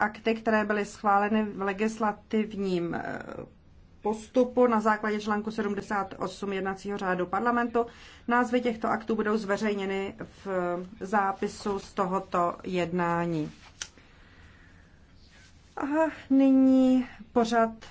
akty, které byly schváleny v legislativním eh, postupu na základě článku 78 jednacího řádu parlamentu. Názvy těchto aktů budou zveřejněny v eh, zápisu z tohoto jednání. A nyní pořad